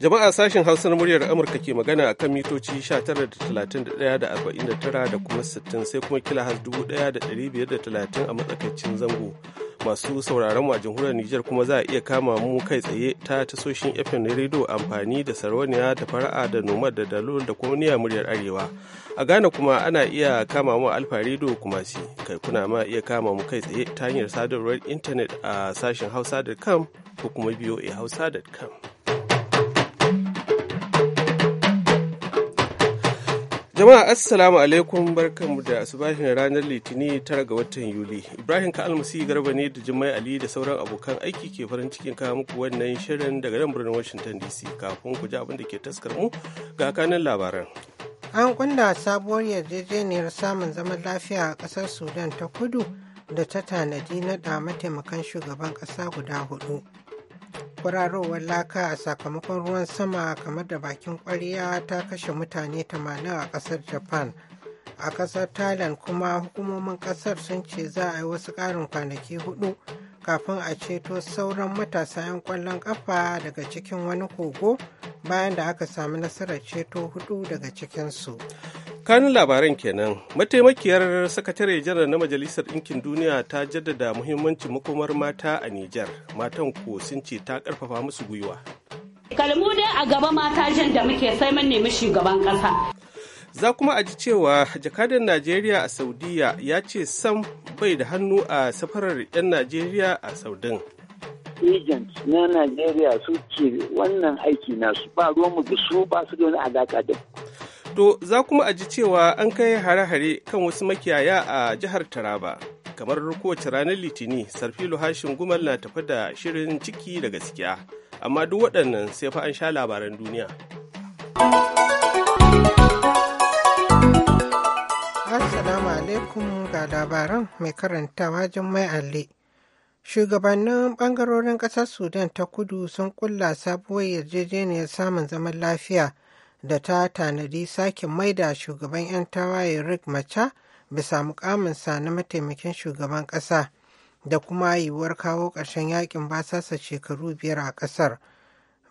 Jama'a sashen Hausar muryar Amurka ke magana a kan mitoci 19.31 da da kuma 60 sai kuma kila has 1530 a matsakaicin zango. Masu sauraron mu a jamhuriyar Nijar kuma za a iya kama mu kai tsaye ta tasoshin FM na amfani da sarauniya da fara'a da nomad da dalol da kuma niyyar muryar arewa. A Ghana kuma ana iya kama mu alfa rediyo kuma si kai kuna ma iya kama mu kai tsaye ta hanyar sadarwar intanet a sashen hausa.com ko kuma voahausa.com. Jama'a Assalamu alaikum barkanmu da na ranar Litini tara ga watan Yuli. Ibrahim ka almasi garba ne da Jummai Ali da sauran abokan aiki ke farin cikin kawo muku wannan shirin daga nan birnin Washington DC kafin ku ji abin da ke taskar mu ga kanan labaran. An kunda sabuwar yarjejeniyar samun zaman lafiya a ƙasar Sudan ta kudu da ta tanadi na da mataimakan shugaban ƙasa guda hudu. kwararowar laka sakamakon ruwan sama kamar da bakin kwarya ta kashe mutane 80 a kasar japan a kasar thailand kuma hukumomin kasar sun ce za a yi wasu karin kwanaki hudu kafin a ceto sauran matasa 'yan kwallon kafa daga cikin wani kogo bayan da aka sami nasarar ceto hudu daga cikinsu kanun labaran kenan mataimakiyar sakatare janar na majalisar ɗinkin duniya ta jaddada muhimmancin makomar mata a nijar matan ko sun ce ta karfafa musu gwiwa kalmu dai a gaba mata jan da muke sai mun nemi shugaban ƙasa za kuma a ji cewa jakadan najeriya a saudiya ya ce sam bai da hannu a safarar 'yan najeriya a saudin agent na najeriya su wannan aiki nasu ba mu da su ba su da wani alaka da To za kuma aji cewa an kai hare-hare kan wasu makiyaya a jihar Taraba. Kamar kowace ranar Litini, Sarfilo Hashin Gumal na tafi da shirin ciki da gaskiya. Amma duk waɗannan sai fa an sha labaran duniya. Assalamu alaikum ga labaran mai karantawa Jummai Alli. Shugabannin ɓangarorin ƙasar Sudan ta kudu sun ƙulla sabuwar yarjejeniyar samun zaman lafiya. da ta tanadi sake maida shugaban 'yan tawaye rick macha bisa mukaminsa na mataimakin shugaban ƙasa da kuma yiwuwar kawo ƙarshen yakin basasa shekaru biyar a ƙasar.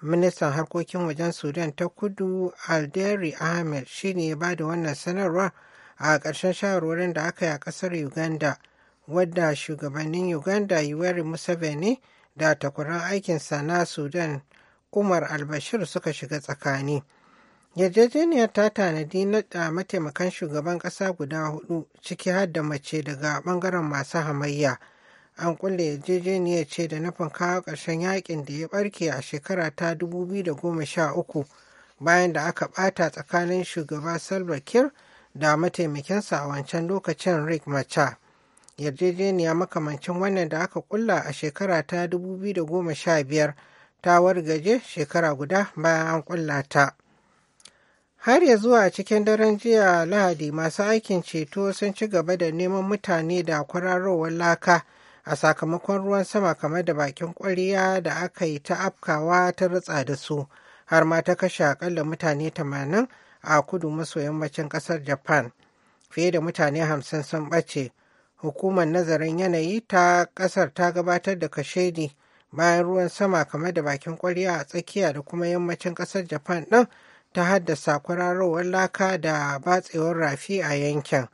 ministan harkokin wajen sudan ta kudu alderi ahmed shine ya ba da wannan sanarwa a ƙarshen shawarwarin da aka yi a ƙasar uganda wadda shugabannin uganda yuweri museveni da takwaran aikinsa na sudan umar albashir suka shiga tsakani Yarjejeniya ta tanadi da mataimakan shugaban ƙasa guda hudu ciki har da mace daga ɓangaren masu hamayya an kulle yarjejeniya ce da nufin kawo ƙarshen yakin da ya ɓarke a shekara ta 2013 bayan da aka ɓata tsakanin shugaba salva kiir da mataimakinsa a wancan lokacin rick macha yarjejeniya makamancin wannan da aka kulla a shekara ta 2015 ta wargaje shekara guda bayan an ƙulla ta. har ya zuwa cikin daren jiya lahadi masu aikin ceto sun ci gaba da neman mutane da kwararowar laka a sakamakon ruwan sama kamar da bakin kwariya da aka yi ta afkawa ta ritsa da su har ma ta kashe akalla mutane 80 a kudu maso yammacin kasar japan fiye da mutane 50 sun ɓace hukumar nazarin yanayi ta kasar ta gabatar da kashedi bayan ruwan sama kamar da bakin kwariya a tsakiya da kuma yammacin kasar japan ɗin ta haddasa kwararowar laka da batsewar rafi a yankin.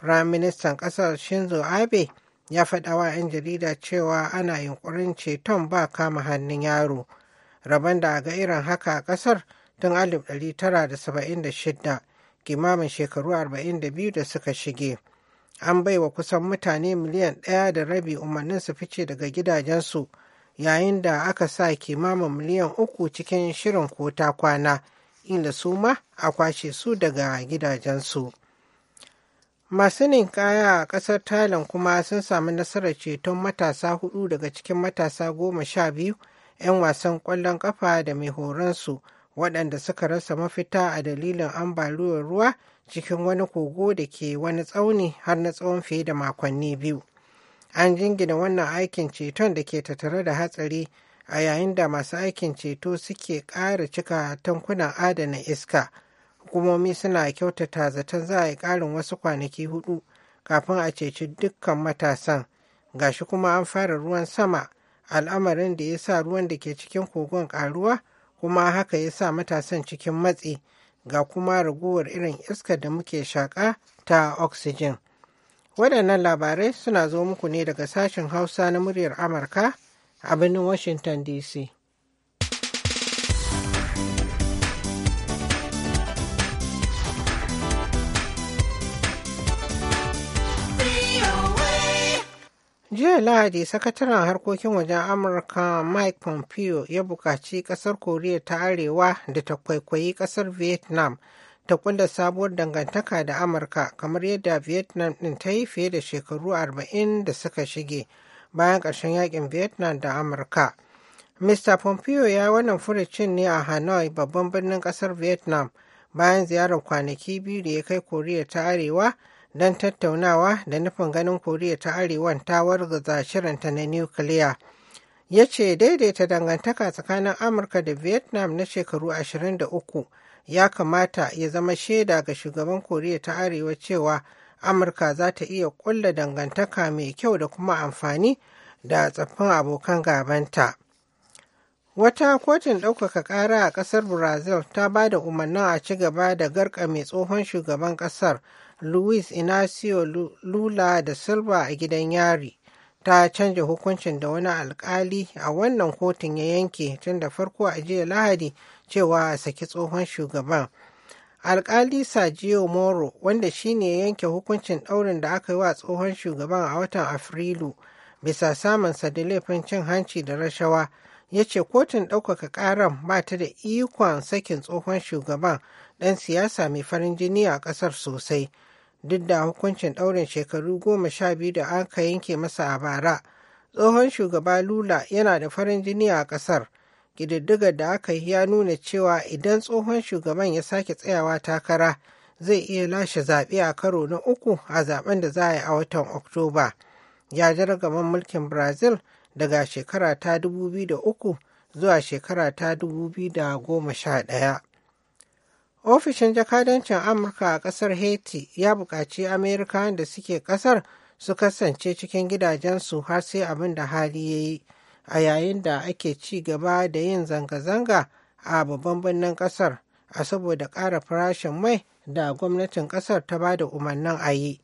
Firaministan ƙasar Shinzo Abe ya faɗawa 'yan jarida cewa ana yunkurin ceton ba kama hannun yaro. Rabon da ga irin haka a ƙasar tun 1976 kimamin shekaru 42 da suka shige. An baiwa kusan mutane miliyan ɗaya da rabi umarnin su fice daga gidajensu yayin da aka sa kimamin miliyan uku cikin shirin kota kwana. ila su ma a kwashe su daga gidajensu masu ninkaya a ƙasar thailand kuma sun sami nasarar ceton matasa hudu daga cikin matasa goma sha biyu 'yan wasan ƙwallon ƙafa da mai horonsu waɗanda suka rasa mafita a dalilin ambaliyar ruwa cikin wani kogo da ke wani tsauni har na tsawon fiye da makonni biyu an jingina wannan aikin ceton da ke tattare da hatsari a yayin da masu aikin ceto suke ƙara cika tankunan adana iska hukumomi suna kyautata zaton za a yi ƙarin wasu kwanaki hudu kafin a ceci dukkan matasan ga shi kuma an fara ruwan sama al'amarin da ya sa ruwan da ke cikin kogon ƙaruwa kuma haka ya sa matasan cikin matsi ga kuma raguwar irin iska da muke shaƙa ta oxygen waɗannan labarai suna zo muku ne daga sashen hausa na muryar amurka a birnin washington dc jiya lahadi sakataren harkokin wajen amurka mike pompeo ya buƙaci ƙasar koriya ta arewa da ta kwaikwayi ƙasar vietnam ta kulla sabuwar dangantaka da amurka kamar yadda vietnam ɗin ta yi fiye da shekaru 40 da suka shige bayan ƙarshen yakin vietnam da amurka mr pompeo ya wannan furicin ne a hanoi babban birnin ƙasar vietnam bayan ziyarar kwanaki biyu da ya kai koriya ta arewa don tattaunawa da nufin ganin koriya ta arewan ta wargaza shirinta na nukiliya ya ce daidaita dangantaka tsakanin amurka da vietnam na shekaru 23 ya kamata ya zama shaida ga shugaban koriya ta arewa cewa amurka za ta iya ƙulla dangantaka mai kyau da kuma amfani da tsaffin abokan gabanta wata kotun ɗaukaka ƙara a ƙasar brazil ta ba da umarnin a ci gaba da garka mai tsohon shugaban ƙasar luis inacio lula da silva a gidan yari ta canja hukuncin da wani alkali a wannan kotun ya yanke tun da farko a jiya lahadi cewa a saki tsohon shugaban alkali Sajio moro wanda shine ya yanke hukuncin ɗaurin da aka yi wa tsohon shugaban a watan afrilu bisa samunsa da laifin cin hanci da rashawa ya ce kotun ɗaukaka ƙaran ba ta da ikon sakin tsohon shugaban ɗan siyasa mai farin jini a ƙasar sosai duk da hukuncin ɗaurin shekaru goma sha biyu da aka yanke masa a bara tsohon shugaba lula yana da farin jini a ƙasar ƙididdigar da aka yi ya nuna cewa idan tsohon shugaban ya sake tsayawa takara zai iya lashe zaɓe a karo na uku a zaben da za a yi a watan oktoba ya jargaman mulkin brazil daga shekara ta 2003 zuwa shekara ta 2011 ofishin jakadancin amurka a ƙasar haiti ya buƙaci amerikawan da suke ƙasar su kasance cikin gidajensu har sai abin da hali ya yi a yayin da ake ci gaba da yin zanga-zanga a babban birnin kasar a saboda ƙara farashin mai da gwamnatin kasar ta ba da umarnin a yi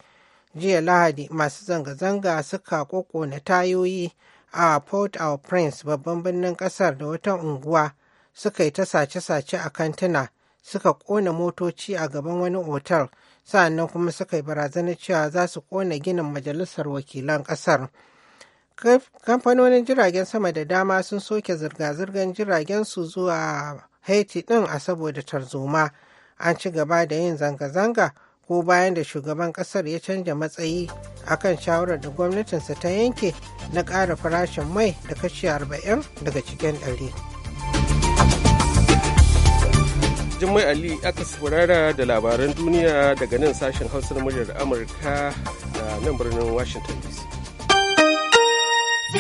jiya lahadi masu zanga-zanga suka kokona tayoyi a port au prince babban birnin kasar da wata unguwa suka yi ta sace-sace a kantina suka kona motoci a gaban wani otal sa'annan kuma suka yi barazanar cewa za su kona ginin majalisar wakilan kasar. kamfanonin jiragen sama da dama sun soke zirga-zirgar jiragen su zuwa haiti din a saboda tarzoma an ci gaba da yin zanga-zanga ko bayan da shugaban kasar ya canja matsayi a kan shawarar da gwamnatinsa ta yanke na ƙara farashin mai da kashi 40 daga cikin 100 Jummai Ali aka saurara da labaran duniya daga nan sashen hausar muryar Amurka da nan birnin Washington DC. To,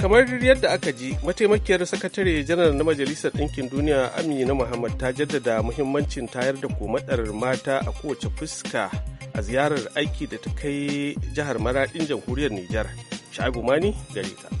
kamar yadda aka ji, mataimakiyar sakatare janar na Majalisar Ɗinkin Duniya Amina Muhammad ta jaddada muhimmancin tayar da komatsar mata a kowace fuska a ziyarar aiki da ta kai jihar maraɗin jamhuriyar Nijar. Sha'ibu Mani Gareta.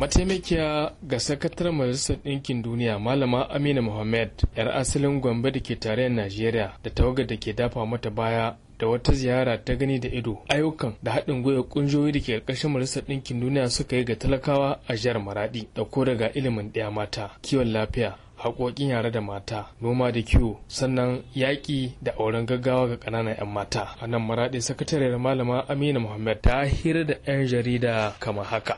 mataimakiya ga sakataren majalisar ɗinkin duniya malama amina mohammed yar asalin gombe da ke tare a najeriya da tawagar da ke dafa mata baya da wata ziyara ta gani da ido ayyukan da haɗin gwiwa ƙungiyoyi da ke ƙarƙashin majalisar ɗinkin duniya suka yi ga talakawa a jihar maradi da ko daga ilimin ɗaya mata kiwon lafiya haƙoƙin yare da mata noma da kiwo sannan yaƙi da auren gaggawa ga ƙananan 'yan mata a nan maraɗe sakatariyar malama amina muhammad ta hira da 'yan jarida kama haka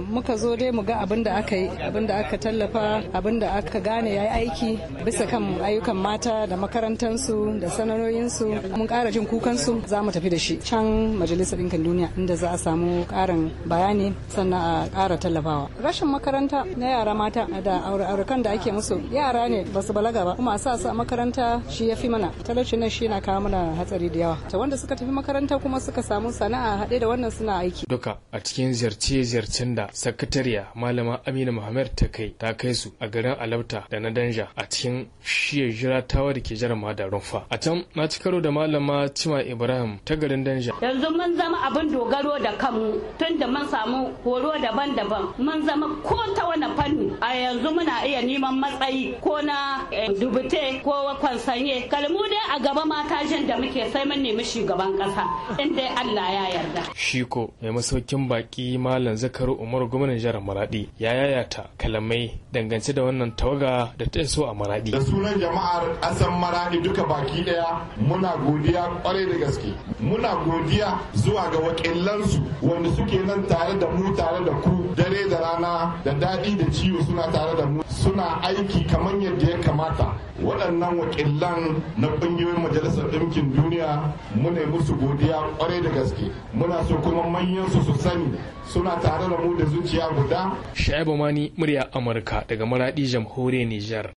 muka zo dai mu ga abin da aka yi abin da aka tallafa abin da aka gane ya aiki bisa kan ayyukan mata da makarantansu da sanayoyinsu mun ƙara jin kukansu za mu tafi da shi can majalisar ɗinkin duniya inda za a samu ƙarin bayani sannan a ƙara tallafawa rashin makaranta na yara mata da aurukan da ake musu yara ne ba su balaga ba kuma a sa makaranta shi ya fi mana talauci nan shi na kawo mana hatsari da yawa ta wanda suka tafi makaranta kuma suka samu sana'a haɗe da wannan suna aiki duka a cikin ziyarce-ziyarcen da sakatariya malama amina muhammad ta kai ta kai su a garin alauta da na danja a cikin shiya jira tawa da ke jarama da rumfa a can na ci karo da malama cima ibrahim ta garin danja yanzu mun zama abin dogaro da kanmu tun da mun samu horo daban-daban mun zama ko ta wani fanni a yanzu muna iya neman matsayi yi ko na eh, dubute ko kwansanye kalmu dai a gaba mata jan da muke sai mun nemi shugaban kasa in dai Allah ya yarda shiko mai masaukin baki malam zakaru umaru gwamnatin jihar maradi ya yayata kalamai dangance da wannan tawaga da ta so a maradi da sunan jama'ar asan maradi duka baki daya muna godiya kwarai da gaske muna godiya zuwa ga wakilansu wanda suke nan tare da mu tare da ku dare da rana da daɗi da ciwo suna tare da mu suna aiki kamar yadda ya kamata waɗannan wakilan na ƙungiyoyin majalisar ɗinkin duniya muna musu godiya kwarai da gaske muna so kuma manyan su su sani suna tare da mu da zuciya guda shaibu mani murya amurka daga maradi jamhuriyar nijar.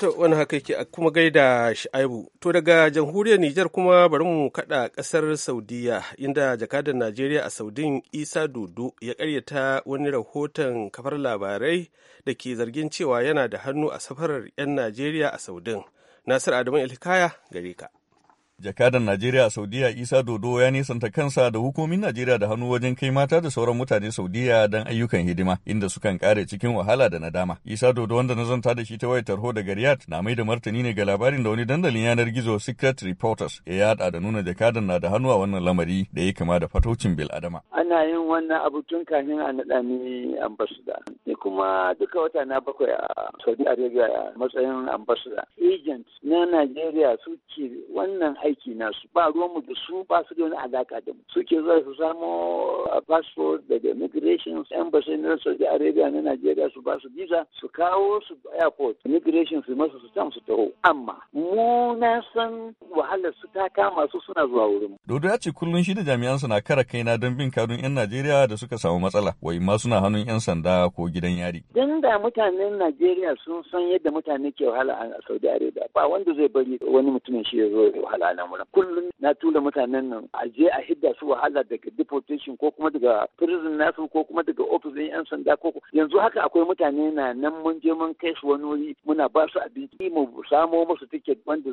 To wani haka yake a kuma gaida Sha'ibu. To daga jamhuriyar Nijar kuma bari mu kada kasar Saudiya inda jakadar Najeriya a Saudin Isa Dodo ya ƙaryata wani rahoton kafar labarai da ke zargin cewa yana da hannu a safarar 'yan Najeriya a Saudin. Nasir Adamu Ilkaya gare ka. Jakadan Najeriya a Saudiya Isa Dodo ya nisanta kansa da hukumomin Najeriya da hannu wajen kai mata da sauran mutane Saudiya don ayyukan hidima inda sukan kare cikin wahala da nadama. Isa Dodo wanda na zanta da shi ta wayar tarho daga Riyadh na mai da martani ne ga labarin da wani dandalin yanar gizo Secret Reporters ya yada da nuna jakadan na da hannu a wannan lamari da ya kama da fatocin bil adama. Ana yin wannan abu tun kafin a naɗa ni ambassador. Ni kuma duka wata na bakwai a Saudi Arabia matsayin ambassador. Agent na Najeriya suke wannan aiki nasu ba ruwanmu da su ba su da wani alaka da mu suke za su samo passport daga immigration embassy na Saudi Arabia na Najeriya su ba su visa su kawo su airport immigration su masu su tam su taho amma mu na san wahalar su ta kama su suna zuwa wurin Dodo ya ce kullum shi da jami'an na kara na don bin kadun 'yan Najeriya da suka samu matsala wai ma suna hannun 'yan sanda ko gidan yari. Dan da mutanen Najeriya sun san yadda mutane ke wahala a Saudi Arabia ba wanda zai bari wani mutumin shi ya zo wahala al'amuran kullum na tura mutanen nan a je a hidda su wahala daga deportation ko kuma daga prison nasu ko kuma daga office yan sanda ko yanzu haka akwai mutane na nan mun je mun kai su wani wuri muna ba su abinci mu samo musu ticket wanda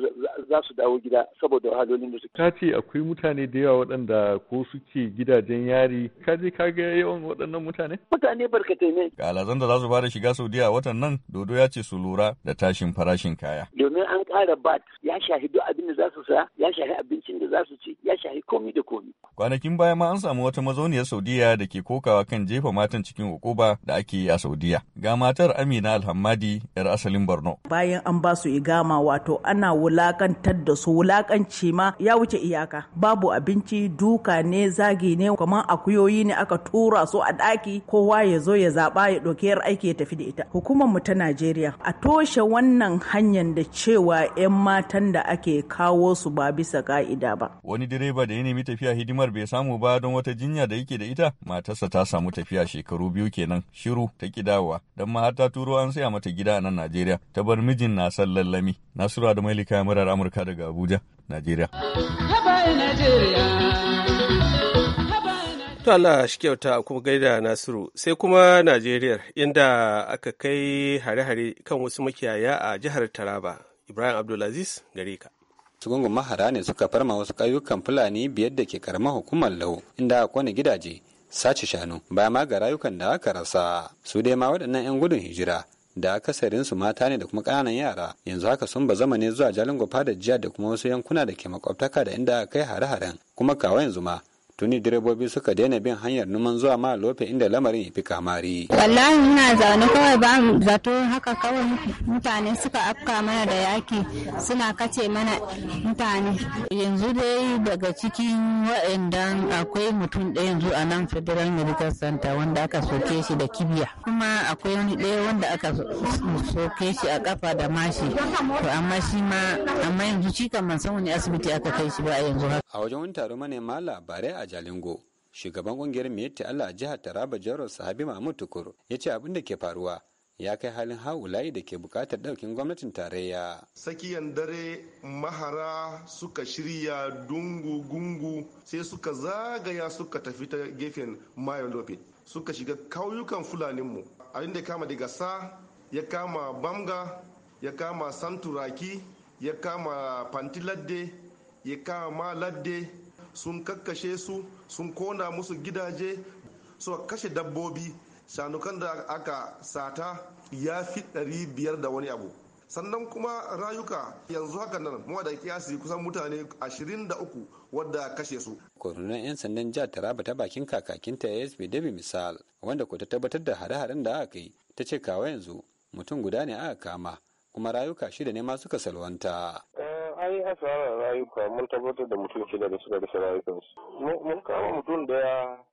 za su dawo gida saboda wahalolin da suke. Ka ce akwai mutane da yawa waɗanda ko suke gidajen yari ka je ka ga yawan waɗannan mutane? Mutane barkatai ne. Ga alazan da za su ba da shiga Saudiya watan nan Dodo ya ce su lura da tashin farashin kaya. Domin an ƙara bat ya shahidu abin da za su saya ya shahi abincin da za su ci ya shahi komi da komi. Kwanakin baya ma an samu wata mazauniyar Saudiya da ke kokawa kan jefa matan cikin hukuba da ake yi a Saudiya. Ga matar Amina Alhammadi yar asalin Borno. Bayan an ba su igama wato ana wulakantar da su wulakanci ma ya wuce iyaka. Babu abinci duka ne zagi ne kamar akuyoyi ne aka tura su a ɗaki kowa ya zo ya zaɓa ya ɗauki yar aiki ya tafi da ita. Hukumar mu ta Najeriya a toshe wannan hanyar da cewa 'yan matan da ake kawo su ba bisa ka'ida ba. Wani direba da ya nemi tafiya hidimar bai samu ba don wata jinya da yake da ita matarsa ta samu tafiya shekaru biyu kenan shiru ta kidawa don ma har ta turo an saya mata gida a nan Najeriya ta bar mijin na san lallami. Nasura da Mailika murar Amurka daga Abuja, Najeriya. Allah shi kyauta kuma gaida Nasiru sai kuma Najeriya inda aka kai hare-hare kan wasu makiyaya a jihar Taraba. Ibrahim Abdulaziz gare ka. Sugungun mahara ne suka farma wasu ƙauyukan Fulani biyar da ke karamar hukumar Lau inda aka kone gidaje sace shanu ba ma ga rayukan da aka rasa su dai ma waɗannan 'yan gudun hijira da akasarin su mata ne da kuma ƙananan yara yanzu haka sun ba zama ne zuwa jalingo da jiya da kuma wasu yankuna da ke makwabtaka da inda aka kai hare-haren kuma kawo yanzu ma tuni direbobi suka daina bin hanyar numan zuwa ma lofe inda lamarin ya fi kamari. Wallahi muna zaune kawai ba mu zato haka kawai mutane suka afka mana da yaki suna kace mana mutane. Yanzu dai daga cikin waɗanda akwai mutum ɗaya yanzu a nan Federal Medical Center wanda aka soke shi da kibiya. Kuma akwai wani ɗaya wanda aka soke shi a kafa da mashi. To amma shi ma amma yanzu cikan man san wani asibiti aka kai shi ba a yanzu haka. A wajen wani taro manema labarai a Jalingo. Shugaban ƙungiyar Miyetti Allah a jihar Taraba Jaros Sahabi Mahmud Tukur ya ce abin da ke faruwa ya kai halin haulayi da ke bukatar ɗaukin gwamnatin tarayya. Sakiyan dare mahara suka shirya dungu-gungu sai suka zagaya suka tafi ta gefen mayon lopit suka shiga kauyukan fulaninmu abin da kama daga sa ya kama bamga ya kama santuraki ya kama pantiladde ya kama ladde sun kakkashe su sun kona musu gidaje su kashe dabbobi shanukan da aka sata ya fi 500 da wani abu sannan kuma rayuka yanzu haka nan kuma da kiyasi kusan mutane 23 wadda kashe su. kwanunan 'yan sandan jihar Taraba ta bakin kakakinta ASP David Misal wanda ko ta tabbatar da hare-haren da aka yi ta ce kawa yanzu mutum guda ne aka kama kuma rayuka shida ne ma suka salwanta. Eh, asarar rayuka mun tabbatar da mutum shida da suka rasa rayukansu mun kama mutum daya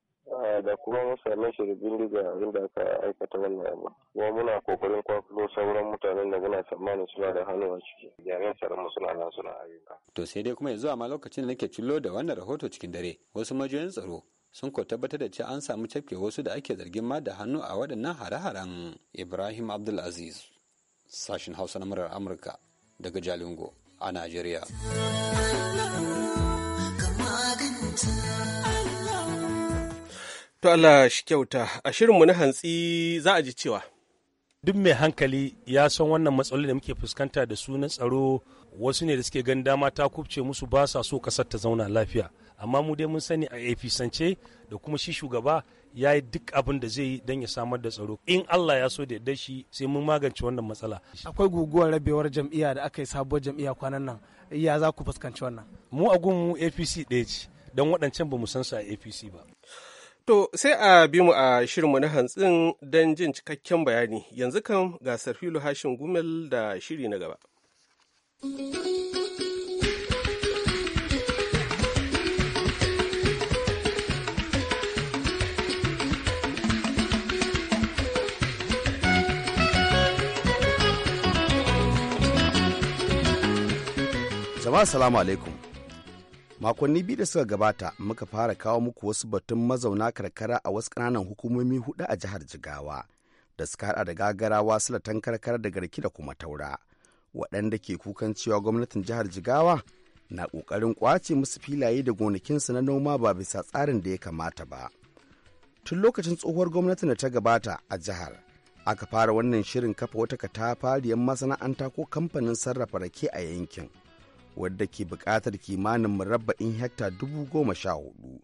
da kuma mutanen shirin bindiga da aka aikata wannan abu kuma muna kokarin kwakulo sauran mutanen da muna tsammanin suna da hannu a ciki jami'an tsaron mu suna nan suna ayyuka to sai dai kuma yanzu a ma lokacin da nake cillo da wannan rahoto cikin dare wasu majiyoyin tsaro sun ko tabbatar da cewa an samu cafke wasu da ake zargin ma da hannu a waɗannan hare-haren ibrahim abdulaziz sashin hausa na murar amurka daga jalingo a Najeriya. To Allah shi kyauta, a shirinmu na hantsi za a ji cewa. Duk mai hankali ya san wannan matsaloli da muke fuskanta da sunan tsaro wasu ne da suke gan dama ta kubce musu ba sa so kasar ta zauna lafiya. Amma mu dai mun sani a efisance da kuma shi shugaba ya yi duk abin da zai yi don ya samar da tsaro in Allah ya so da yadda shi sai mun magance wannan matsala akwai guguwar rabewar jam'iyya da aka yi sabuwar jam'iyya kwanan nan ya za ku fuskanci wannan mu a gunmu APC ɗaya ce don waɗancan ba mu san su a APC ba To sai a bi mu a mu na hantsin don jin cikakken bayani yanzu kan gasar filo hashin gumel da shiri na gaba. jama'a salamu alaikum makonni biyu da suka gabata muka fara kawo muku wasu batun mazauna karkara a wasu ƙananan hukumomi hudu a jihar jigawa da suka hada da gagarawa silatan karkara da garki da kuma taura waɗanda ke kukan cewa gwamnatin jihar jigawa na ƙoƙarin ƙwace musu filaye da gonakinsu na noma ba bisa tsarin da ya kamata ba tun lokacin tsohuwar gwamnatin da ta gabata a jihar aka fara wannan shirin kafa wata katafariyar masana'anta ko kamfanin sarrafa rake a yankin wadda ke buƙatar kimanin murabba'in hekta dubu goma sha hudu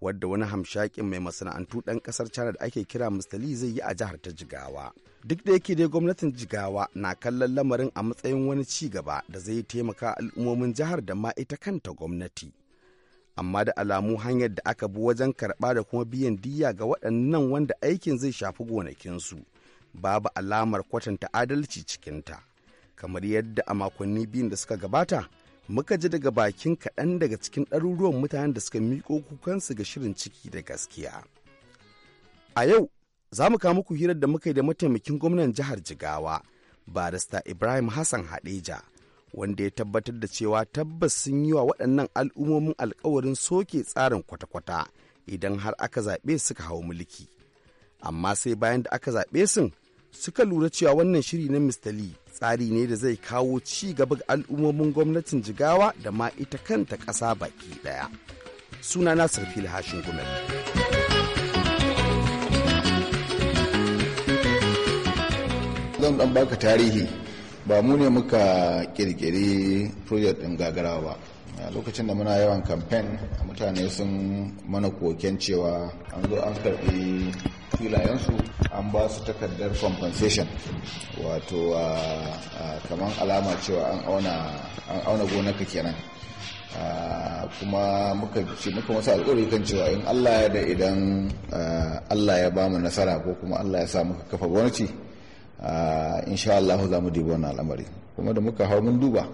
wadda wani hamshakin mai masana'antu ɗan ƙasar china da ake kira mustali zai yi a jihar ta jigawa duk da yake dai gwamnatin jigawa na kallon lamarin a matsayin wani ci gaba da zai yi taimaka al'ummomin jihar da ma ita kanta gwamnati amma da alamu hanyar da aka bi wajen karɓa da kuma biyan diya ga waɗannan wanda aikin zai shafi gonakinsu babu alamar kwatanta adalci cikinta kamar yadda a makonni biyun da suka gabata muka ji daga bakin kaɗan daga cikin ɗaruruwan mutanen da suka miƙo kukansu ga shirin ciki da gaskiya. A yau, za mu kawo muku hirar da muka yi da mataimakin gwamnan jihar Jigawa, barista Ibrahim Hassan Hadeja, wanda ya tabbatar da cewa tabbas sun yi wa waɗannan al'ummomin alkawarin soke tsarin kwata-kwata idan har aka zaɓe suka hau mulki. Amma sai bayan da aka zaɓe sun, suka lura cewa wannan shiri na Mr. tsari ne da zai kawo ci gaba ga al'ummomin gwamnatin jigawa da ma ita kanta ƙasa baki ɗaya. Suna na Sarfil Hashin Gumel. Zan ɗan baka tarihi ba mu ne muka ƙirƙiri project ɗin gagara ba. lokacin da muna yawan campaign mutane sun mana koken cewa an zo an karbi filayensu an ba su takardar compensation wato kamar alama cewa an auna gonaka kenan kuma muka ce muka wasu alkawari kan cewa in Allah ya da idan Allah ya ba mu nasara ko kuma Allah ya sa muka kafa gwamnati insha allahu za mu dubi wannan al'amari kuma da muka hau mun duba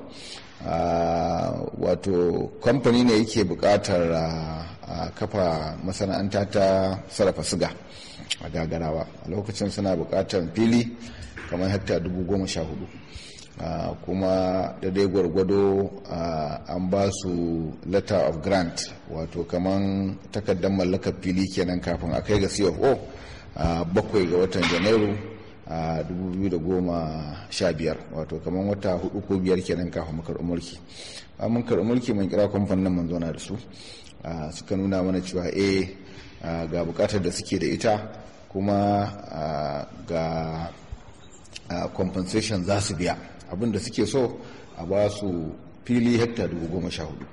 wato kamfani ne yake buƙatar kafa masana'anta ta sarrafa siga. a gagarawa a lokacin suna buƙatar fili kamar hekta dubu goma sha hudu kuma da dai gwargwado an ba su letter of grant wato kamar takardar mallakar fili kenan kafin a kai ga cfo bakwai ga watan janairu a 2015 wato kamar wata hudu ko biyar kenan kafin mu karɓi mulki mun karɓi mulki mun kira kamfanin mun zauna da su suka nuna mana cewa eh ga bukatar da suke da ita kuma ga compensation za su biya abin da suke so a ba su fili hekta dubu goma sha hudu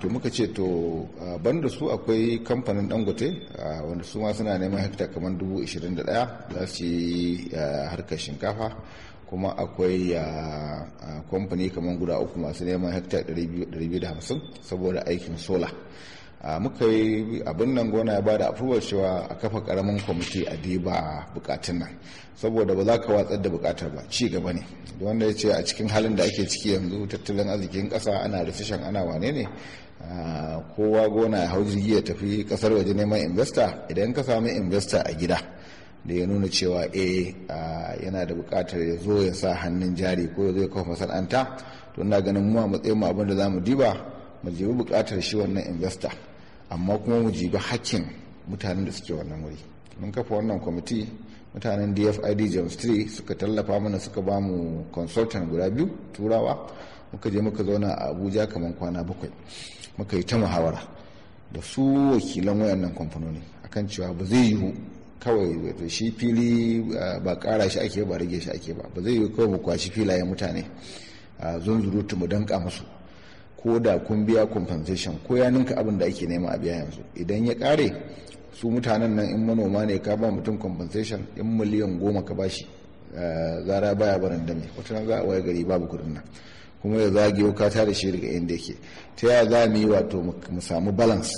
to muka ce to banda su akwai kamfanin dangote wanda su ma suna neman hekta kamar dubu ishirin da za su yi harkar shinkafa kuma akwai kamfani kamar guda uku masu neman hekta 250 saboda aikin sola muka yi abin nan gona ya bada afubar cewa a kafa karamin kwamiti a diba bukatun nan saboda ba za ka watsar da bukatar ba ci gaba ne wanda ya ce a cikin halin da ake ciki yanzu tattalin arzikin kasa ana recession ana wane ne kowa gona ya hau jirgi ya tafi kasar waje neman investor idan ka sami investor a gida da ya nuna cewa eh yana da bukatar ya zo ya sa hannun jari ko ya zo ya kafa masana'anta to ina ganin mu a matsayin mu abin da za mu diba mu jibi bukatar shi wannan investor amma kuma mu jibi hakkin mutanen da suke wannan wuri mun kafa wannan kwamiti mutanen dfid james 3 suka tallafa mana suka ba mu consultant guda biyu turawa muka je muka zauna a abuja kamar kwana bakwai muka yi ta muhawara da su wakilan wayannan kamfanoni akan cewa ba zai yiwu kawai shi fili ba kara shi ake ba rage shi ake ba ba zai yiwu kawai mu kwashi filayen mutane a zunzurutu mu danka musu ko da kun biya compensation ko ya ninka abin da ake nema a biya yanzu idan ya kare su mutanen nan in manoma ne ka ba mutum compensation in miliyan goma ka bashi eh, zara baya barin dame wata za a waye gari babu kudin nan kuma ya zage ka da shi daga inda yake ta yaya za mu yi wato mu samu balance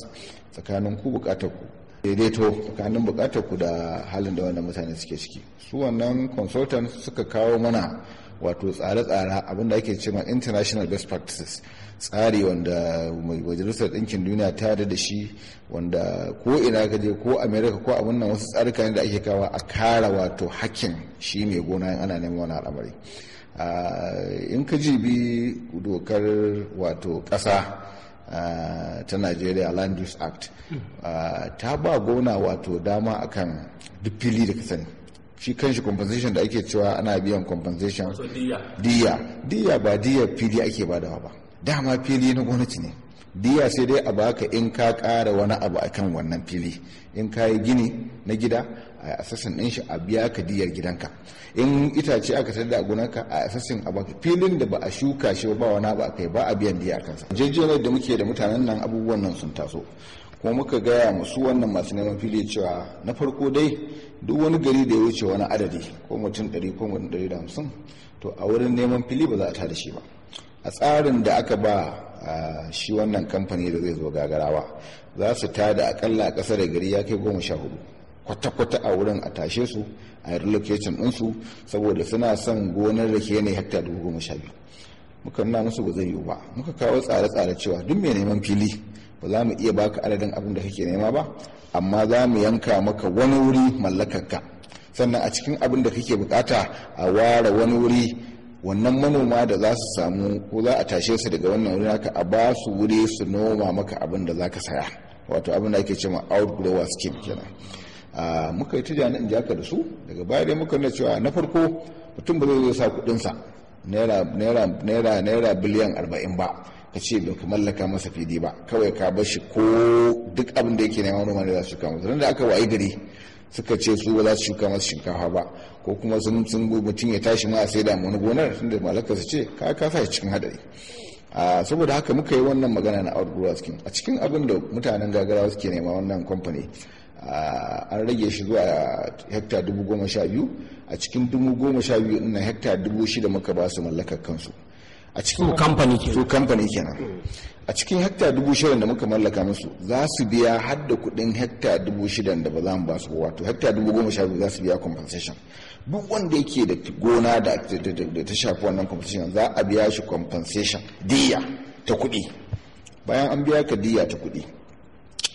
tsakanin ku bukatar ku daidaito tsakanin bukatar ku da halin da wannan mutane suke ciki su wannan consultant suka kawo mana wato tsare-tsare abinda ake cewa international best practices tsari wanda majalisar ɗinkin duniya ta da shi wanda ko ina ka je ko america ko abin nan wasu tsarika ne da ake kawo a kara wato hakkin shi mai gona in ana neman wani al'amari in ka jibi dokar wato ƙasa ta nigeria Land Use Act ta ba gona wato dama akan duk fili da ka sani shi kanshi compensation da ake cewa ana biyan compensation diya diya ba diya fili ake badawa ba dama fili na gwamnati ne diya sai dai a baka in ka kara wani abu akan wannan fili in ka yi gini na gida a assassin din shi a biya ka diyar gidanka in itace aka tada a gonarka a assassin a baka filin da ba a shuka shi ba wani abu akai ba a biyan diya kansa jejjerar da muke da mutanen nan abubuwan nan sun taso kuma muka gaya musu wannan masu neman fili cewa na farko dai duk wani gari da ya wuce wani adadi ko mutum 100 ko mutum 150 to a wurin neman fili ba za a tada shi ba a tsarin da aka ba shi wannan kamfani da zai zo gagarawa za su tada akalla a ƙasa da gari ya kai goma sha hudu kwata-kwata a wurin a tashe su a relocation ɗinsu saboda suna son gonar rake ne hekta dubu goma sha biyu muka nuna musu ba zai yiwu ba muka kawo tsare-tsare cewa duk mai neman fili ba za mu iya baka adadin abin da kake nema ba amma za mu yanka maka wani wuri mallakarka sannan a cikin abin da kake bukata a ware wani wuri wannan manoma da za su samu ko za a tashe su daga wannan wuri haka a ba su wuri su noma maka abin da za ka saya wato abin da ake cewa outgrower scheme kenan muka yi tijani in jaka da su daga baya dai muka nuna cewa na farko mutum ba zai sa kudinsa naira naira naira biliyan arba'in ba ka ce ba ka mallaka masa fidi ba kawai ka bar ko duk abin da yake nema noma da za su shuka masa da aka wayi gari suka ce su ba za su shuka masa shinkafa ba ko kuma sun sun mutum ya tashi ma a sai da wani gonar tunda mallaka su ce ka ka sa cikin hadari saboda haka muka yi wannan magana na outgrow skin a cikin abin da mutanen gagara suke nema wannan company an rage shi zuwa hekta dubu goma sha biyu a cikin dubu goma sha biyu ina hekta dubu shida muka ba su mallakar kansu a cikin kamfani kenan kamfani kenan a cikin hekta dubu shidan da muka mallaka musu za su biya har da kuɗin hekta dubu shidan da ba za mu ba su wato hekta dubu goma sha za su biya compensation duk wanda yake da gona da ta shafi wannan compensation za a biya shi compensation diya ta kuɗi bayan an biya ka diya ta kuɗi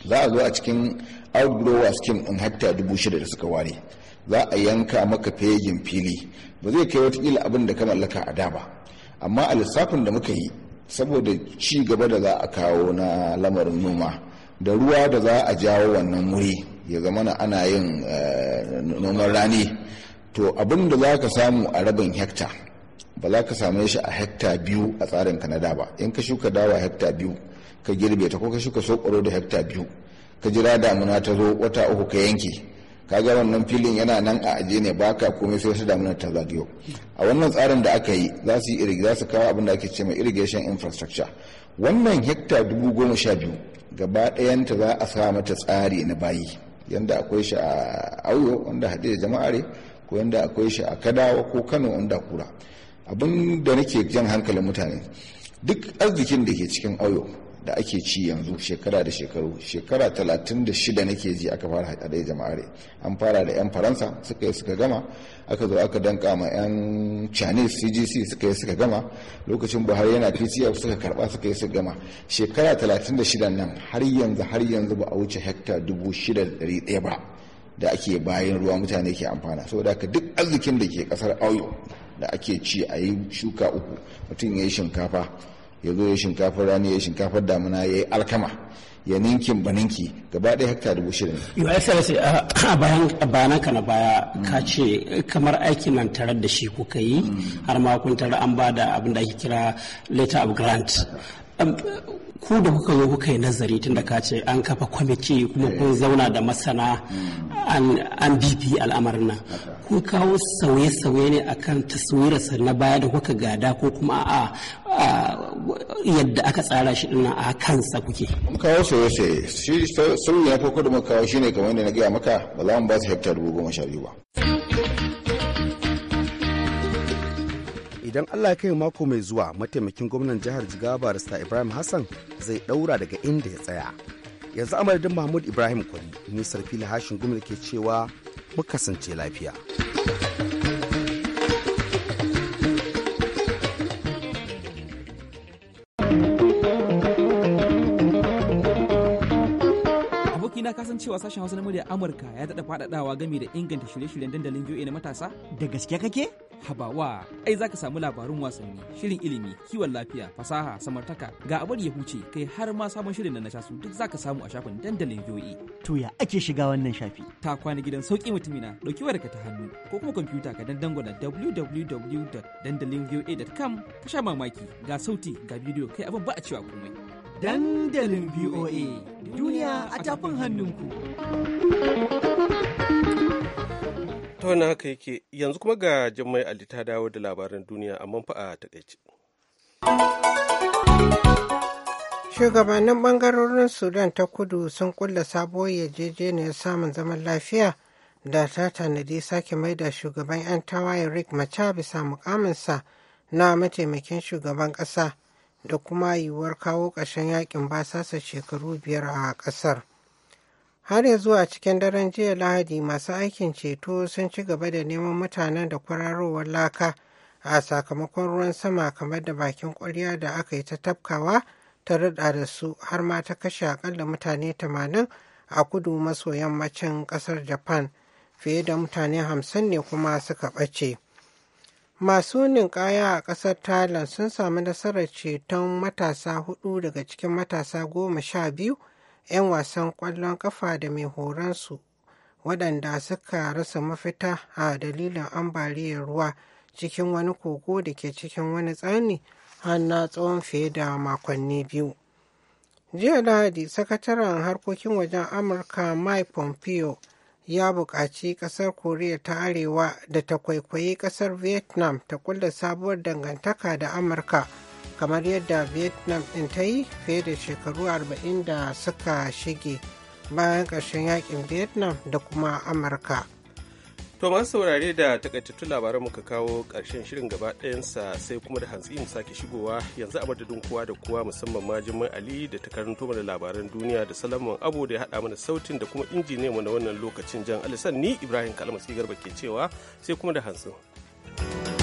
za a zo a cikin outgrower scheme in hekta dubu shida da suka ware za a yanka maka fegin fili ba zai kai watakila abin da ka mallaka a da ba amma a lissafin da muka yi saboda ci gaba da za a kawo na lamarin noma da ruwa da za a jawo wannan wuri ya zama na ana yin eh, noman rani to abin da za ka samu a rabin hekta ba za ka same shi a hekta biyu a tsarin kanada ba in ka shuka dawa hekta biyu ka girbe ta ko ka shuka sokoro da hekta biyu ka jira damuna ta zo wata uku ka yanke ka ga wannan filin yana nan a aje ne ba ka komai sai wasu damunar ta zagayo a wannan tsarin da aka yi za su yi za su kawo abin da ake ce mai irrigation infrastructure wannan hekta dubu goma sha biyu gaba ɗayanta za a sa mata tsari na bayi yanda akwai shi a auyo wanda haɗe da jama'are ko yanda akwai shi a kadawa ko kano wanda kura abin da nake jan hankalin mutane duk arzikin da ke cikin auyo da ake ci yanzu shekara da shekaru shekara talatin nake ji aka fara haɗe jama'are an fara da 'yan faransa suka yi suka gama aka zo aka danka ma 'yan chinese cgc suka yi suka gama lokacin buhari yana ptf suka karba suka yi suka gama shekara talatin nan har yanzu har yanzu ba a wuce hekta dubu shida ba da ake bayan ruwa mutane ke amfana saboda haka duk arzikin da ke kasar auyo da ake ci a yi shuka uku mutum ya yi shinkafa ya zo ya shinkafar rani ya shinkafar damuna ya yi alkama ya ninkin ba ninki gaba ɗaya hekta dubu shirin. Your Excellency ah, a bayan bayanan ka na baya ka ce kamar aikin nan tare da shi kuka yi mm. har ma kun tare an ba da abin da ake kira letter of grant. Ko da kuka zo kuka yi nazari tun da ka ce an kafa kwamiti kuma kun eh. zauna da masana hmm. an bibi al'amarin nan kun kawo sauye-sauye ne akan taswirarsa na baya da kuka gada ko kuma a yadda aka tsara shi dinnan a kansa kuke mun kawo sauye-sauye shi sun ya farko da mun kawo shine kamar yadda na gaya maka ba za mu ba su hektar dubu goma sha biyu ba idan allah ya kai mako mai zuwa mataimakin gwamnan jihar jigawa barista ibrahim hassan zai daura daga inda ya tsaya yanzu amadadin mahmud ibrahim kwari nisar fili hashin gumi ke cewa muka kasance lafiya. na kasan cewa sashen Hausa na murya Amurka ya dada faɗaɗawa game da inganta shirye-shiryen dandalin VOA na matasa? Da gaske kake? Habawa, ai zaka samu labarun wasanni, shirin ilimi, kiwon lafiya, fasaha, samartaka, ga abar ya huce, kai har ma sabon shirin da na shasu duk za ka samu a shafin dandalin VOA. To ya ake shiga wannan shafi? Ta kwana gidan sauki mutumina, ɗauki wayarka ta hannu, ko kuma kwamfuta ka dan dangwala www.dandalinvoa.com, ka sha mamaki, ga sauti, ga bidiyo, kai abin ba a cewa komai. dandalin VOA duniya a tafin hannunku. Ta na haka yake yanzu kuma ga Jummai Ali ta dawo da labaran duniya amma fa a takaice. Shugabannin bangarorin Sudan ta kudu sun kulla sabuwar yarjejeniyar samun zaman lafiya da ta tanadi sake mai da shugaban 'yan tawaye Rick Macha bisa mukaminsa na mataimakin shugaban ƙasa. da kuma yiwuwar kawo ƙarshen yakin basasa shekaru biyar a ƙasar. Har ya a cikin daren jiya Lahadi masu aikin ceto sun ci gaba da neman mutanen da kwararowar laka a sakamakon ruwan sama kamar da bakin ƙwarya da aka yi ta tafkawa ta rada da su har ma ta kashe akalla mutane 80 a kudu maso yammacin ƙasar Japan fiye da mutane 50 ne kuma suka ɓace. Masu ninkaya a ƙasar Thailand sun samu nasarar ceton matasa hudu daga cikin matasa goma sha biyu 'yan wasan ƙwallon ƙafa da mai horonsu waɗanda suka rasa mafita a dalilin ambaliyar ruwa cikin wani kogo da ke cikin wani tsani har tsawon fiye da makonni biyu. Jiya Lahadi, Sakataren Harkokin Wajen Amurka Mike Pompeo ya buƙaci ƙasar koriya ta arewa da ta kwaikwayi ƙasar vietnam ta kulla sabuwar dangantaka da amurka kamar yadda vietnam ɗin ta yi fiye da shekaru 40 da suka shige bayan ƙarshen yakin vietnam da kuma amurka To masu saurare da takaitattun labaran muka kawo ƙarshen shirin gaba ɗayansa sai kuma da hantsi mu sake shigowa yanzu a madadin kowa da kowa musamman ma Jummai Ali da ta karanto mana labaran duniya da Salamun Abu da ya haɗa mana sautin da kuma injiniya ne na wannan lokacin Jan Alisan ni Ibrahim Kalmasi Garba ke cewa sai kuma da hantsi.